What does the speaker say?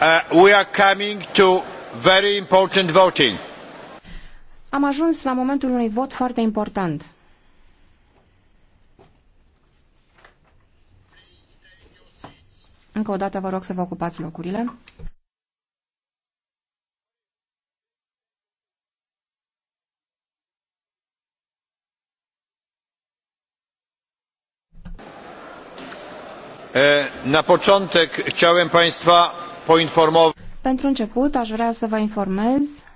Uh, we are coming to very important voting. Am ajuns la momentul unui vot foarte important. Încă o dată vă rog să vă ocupați locurile. Na początek chciałem Państwa poinformować. Pentru început, aș vrea să vă informez